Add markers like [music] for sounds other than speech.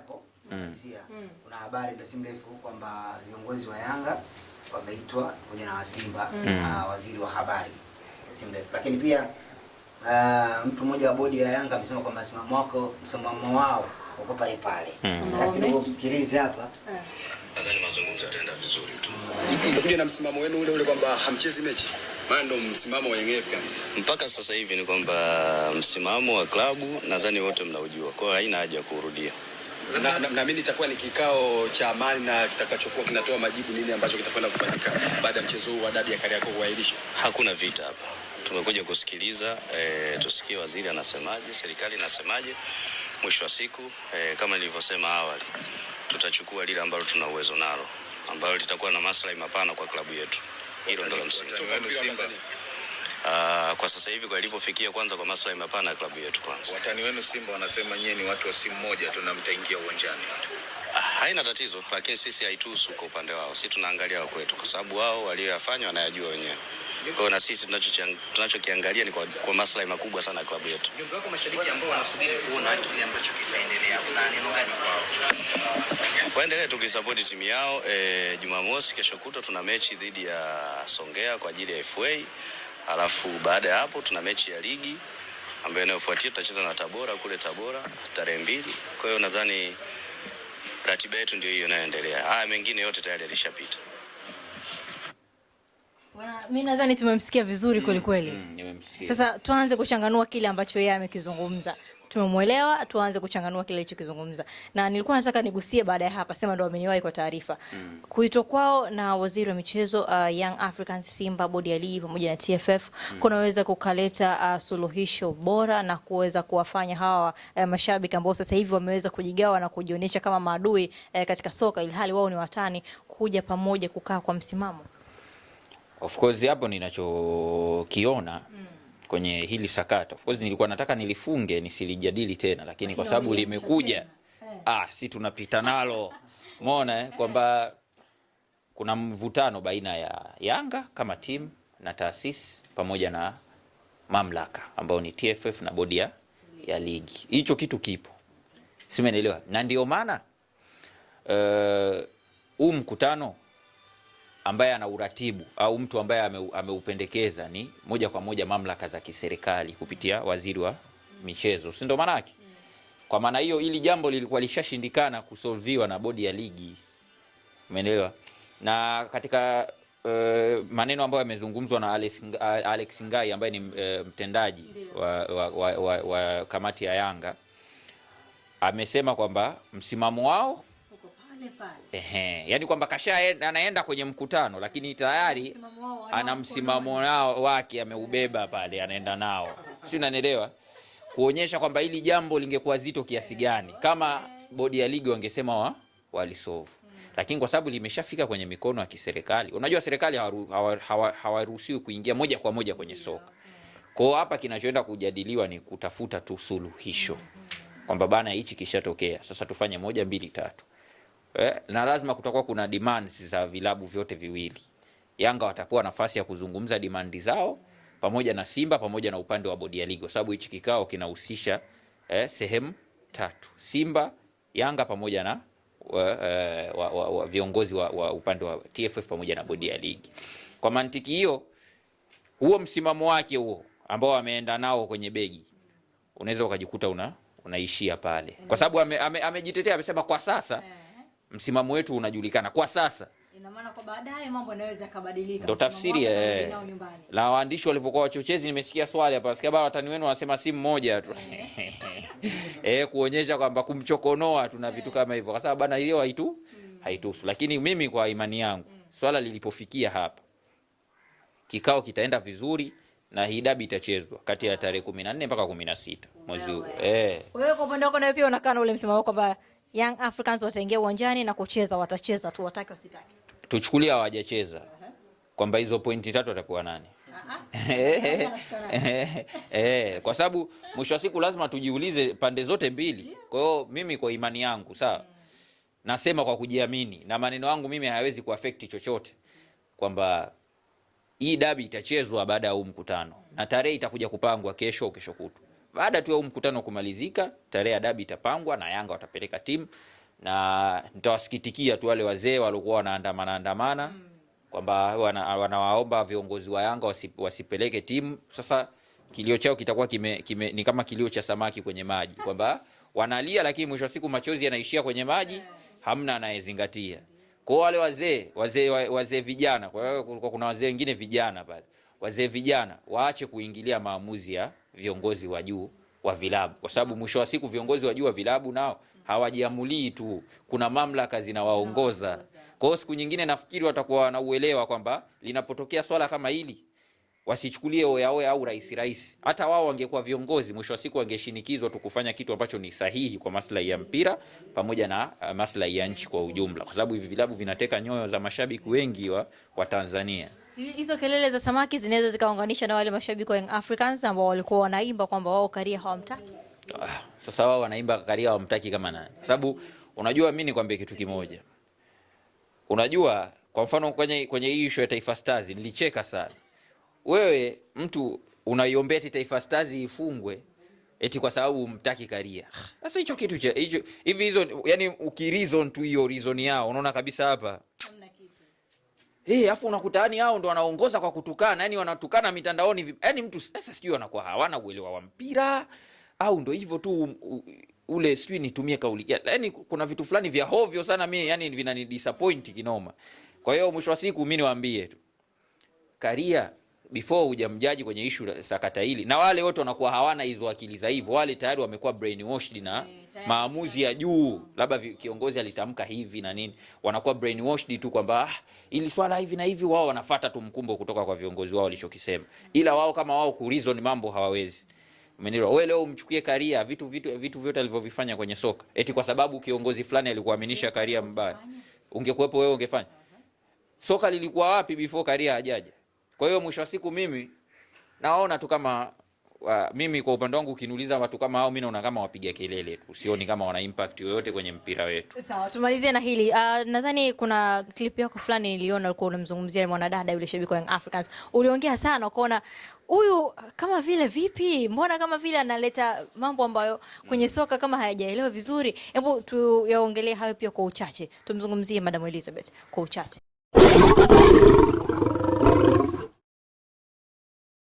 hapo mm. kumalizia mm. kuna habari muda si mrefu kwamba viongozi wa Yanga wameitwa kwenye na Simba mm. na ah, waziri wa habari si mrefu, lakini pia uh, mtu mmoja wa bodi ya Yanga amesema kwamba msimamo wako msimamo wao uko pale pale mm. lakini usikilize hapa yeah. Mazungumzo yataenda vizuri tu. Kuja na msimamo wenu ule ule kwamba hamchezi mechi. Maana ndo msimamo wa Young Africans. Mpaka sasa hivi ni kwamba msimamo wa klabu nadhani wote mnaujua. Kwa hiyo haina haja ya kurudia na, na itakuwa ni kikao cha amani na kitakachokuwa kinatoa majibu nini ambacho kitakwenda kufanyika baada ya mchezo huu wa dabi ya Kariakoo kuahirishwa. Hakuna vita hapa, tumekuja kusikiliza e, tusikie waziri anasemaje, serikali inasemaje. Mwisho wa siku e, kama nilivyosema awali, tutachukua lile ambalo tuna uwezo nalo ambalo litakuwa na maslahi mapana kwa klabu yetu. Hilo ndio msingi. Uh, kwa sasa hivi kwa ilipofikia, kwanza kwa maslahi mapana ya klabu yetu, kwanza watani wenu Simba wanasema nyie ni watu wa simu moja tu na mtaingia uwanjani. Ah, haina tatizo, lakini sisi haituhusu kwa upande wao. Sisi tunaangalia kwetu, kwa sababu wao walioyafanya wanayajua wenyewe. Kwa hiyo na sisi tunachokiangalia ni kwa, kwa maslahi makubwa sana ya klabu yetu. Waendelee tukisapoti timu yao. E, Jumamosi kesho kutwa tuna mechi dhidi ya Songea kwa ajili ya FA Alafu baada ya hapo tuna mechi ya ligi ambayo inayofuatia tutacheza na Tabora kule Tabora tarehe mbili. Kwa hiyo nadhani ratiba yetu ndio hiyo inayoendelea. Haya mengine yote tayari yalishapita. Mimi nadhani tumemsikia vizuri kweli kweli. Mm, mm sasa tuanze kuchanganua kile ambacho yeye amekizungumza tumemwelewa, tuanze kuchanganua kile alichokizungumza. Na nilikuwa nataka nigusie baada ya hapa, sema ndo wameniwahi kwa taarifa mm. kuitwa kwao na waziri wa michezo uh, Young Africans, Simba, bodi ya ligi pamoja na TFF mm. kunaweza kukaleta uh, suluhisho bora na kuweza kuwafanya hawa uh, mashabiki ambao sasa hivi wameweza kujigawa na kujionyesha kama maadui uh, katika soka ilhali wao ni watani, kuja pamoja kukaa kwa msimamo. Of course hapo ninachokiona mm kwenye hili sakata. Of course nilikuwa nataka nilifunge nisilijadili tena, lakini kwa sababu limekuja, eh. ah, si tunapita nalo umeona eh, kwamba kuna mvutano baina ya Yanga kama timu na taasisi pamoja na mamlaka ambayo ni TFF na bodi ya ya ligi. Hicho kitu kipo, simenelewa, na ndio maana eh, huu uh, mkutano ambaye ana uratibu au mtu ambaye ameupendekeza ni moja kwa moja mamlaka za kiserikali kupitia waziri wa michezo, si ndo maana yake? Kwa maana hiyo, ili jambo lilikuwa lishashindikana kusolviwa na bodi ya ligi, umeelewa? Na katika uh, maneno ambayo yamezungumzwa na Alex, Alex Ngai ambaye ni uh, mtendaji wa, wa, wa, wa, wa kamati ya Yanga amesema kwamba msimamo wao pale pale. Ehe, yani kwamba kasha anaenda kwenye mkutano lakini tayari ana msimamo wao wake ameubeba pale, anaenda nao, si unanielewa? Kuonyesha kwamba hili jambo lingekuwa zito kiasi gani kama bodi ya ligi wangesema wa walisolve lakini kwa sababu limeshafika kwenye mikono ya kiserikali, unajua serikali hawaruhusiwi hawa, hawa, kuingia moja kwa moja kwenye soka. Kwa hapa kinachoenda kujadiliwa ni kutafuta tu suluhisho kwamba bana, hichi kishatokea, sasa tufanye moja mbili tatu eh, na lazima kutakuwa kuna demands za vilabu vyote viwili. Yanga watapewa nafasi ya kuzungumza demand zao pamoja na Simba pamoja na upande wa bodi ya ligi, kwa sababu hichi kikao kinahusisha eh, sehemu tatu: Simba, Yanga pamoja na wa, eh, wa, wa, wa, viongozi wa, wa upande wa TFF pamoja na bodi ya ligi. Kwa mantiki hiyo, huo msimamo wake huo ambao ameenda nao kwenye begi unaweza ukajikuta una unaishia pale, kwa sababu amejitetea ame, amesema kwa sasa eh msimamo wetu unajulikana kwa sasa. ndo tafsiri eh, la waandishi walivyokuwa wachochezi. Nimesikia swali hapa, sikia bara watani wenu wanasema si mmoja tu eh, [laughs] eh kuonyesha kwamba kumchokonoa, tuna eh. vitu kama hivyo, kwa sababu bana hiyo haitu hmm. haitusu Lakini mimi kwa imani yangu hmm. swala lilipofikia hapa, kikao kitaenda vizuri na hii dabi itachezwa kati ya tarehe kumi na nne mpaka kumi na sita mwezi huu. Eh, wewe kwa upande wako na pia unakaa na ule msimamo kwamba Young Africans wataingia uwanjani na kucheza, watacheza tu, watake wasitake. Tuchukulia hawajacheza kwamba hizo pointi tatu atapewa nani? Uh-huh. [laughs] Eh, kwa sababu mwisho wa siku lazima tujiulize pande zote mbili. Kwa hiyo mimi kwa imani yangu sawa, nasema kwa kujiamini na maneno yangu mimi hayawezi kuafekti chochote, kwamba hii dabi itachezwa baada ya huu mkutano na tarehe itakuja kupangwa kesho kesho kutu baada tu ya mkutano kumalizika, tarehe ya dabi itapangwa na Yanga watapeleka timu, na nitawasikitikia tu wale wazee waliokuwa wanaandamana andamana mm. kwamba wanawaomba wana viongozi wa Yanga wasipeleke timu. Sasa kilio chao kitakuwa kime, kime, ni kama kilio cha samaki kwenye maji kwamba wanalia, lakini mwisho wa siku machozi yanaishia kwenye maji, eh. hamna anayezingatia. Kwa wale wazee wazee wazee vijana, kwa kuna wazee wengine vijana pale, wazee vijana waache kuingilia maamuzi ya viongozi wa juu wa vilabu, kwa sababu mwisho wa siku viongozi wa juu wa vilabu nao hawajiamulii tu, kuna mamlaka zinawaongoza. Kwa hiyo siku nyingine nafikiri watakuwa wanauelewa kwamba linapotokea swala kama hili wasichukulie oya oya au rais rais. Hata wao wangekuwa viongozi, mwisho wa siku wangeshinikizwa tu kufanya kitu ambacho ni sahihi kwa maslahi ya mpira pamoja na uh, maslahi ya nchi kwa ujumla, kwa sababu hivi vilabu vinateka nyoyo za mashabiki wengi wa, wa Tanzania. Hizo kelele za samaki zinaweza zikaunganisha na wale mashabiki wa Young Africans ambao walikuwa wanaimba kwamba wao Karia hawamtaki. Ah, sasa wao wanaimba Karia hawamtaki kama nani? Sababu unajua mimi nikwambie kitu kimoja. Unajua kwa mfano kwenye kwenye hii issue ya Taifa Stars nilicheka sana. Wewe mtu unaiombea eti Taifa Stars ifungwe eti kwa sababu umtaki Karia. Ah, sasa hicho kitu hicho hivi hizo yani ukirizon tu hiyo reason yao unaona kabisa hapa Hey, eh, afu unakuta yani hao ndo wanaongoza kwa kutukana, yani wanatukana mitandaoni vipi? Yani mtu sasa sijui anakuwa hawana uelewa wa mpira au ndo hivyo tu u, u, ule sijui nitumie kauli. Yani kuna vitu fulani vya hovyo sana mimi yani disappoint kinoma. Kwa hiyo mwisho wa siku mimi niwaambie tu. Karia before hujamjaji kwenye ishu sakata hili, na wale wote wanakuwa hawana hizo akili za hivyo, wale tayari wamekuwa brainwashed na eh, maamuzi ya juu, labda kiongozi alitamka hivi na nini, wanakuwa brainwashed tu kwamba ah, ili swala hivi na hivi, wao wanafata tu mkumbo kutoka kwa viongozi wao walichokisema, ila wao kama wao ku reason mambo hawawezi. Umenielewa? Wewe leo umchukie Karia vitu vitu vitu vyote alivyovifanya kwenye soka, eti kwa sababu kiongozi fulani alikuaminisha Karia mbaya, ungekuwepo wewe ungefanya? Soka lilikuwa wapi before Karia hajaja? Kwa hiyo mwisho wa siku mimi naona tu kama wa, mimi kwa upande wangu ukiniuliza watu kama hao mimi naona kama wapiga kelele tu, sioni kama wana impact yoyote kwenye mpira wetu. Sawa, tumalizie na hili uh, nadhani kuna clip yako fulani niliona ulikuwa unamzungumzia mwanadada yule shabiki wa Young Africans, uliongea sana ukaona huyu kama vile vipi, mbona kama vile analeta mambo ambayo kwenye mm. soka kama hayajaelewa vizuri. Hebu tuyaongelee hayo pia kwa uchache, tumzungumzie Madam Elizabeth kwa uchache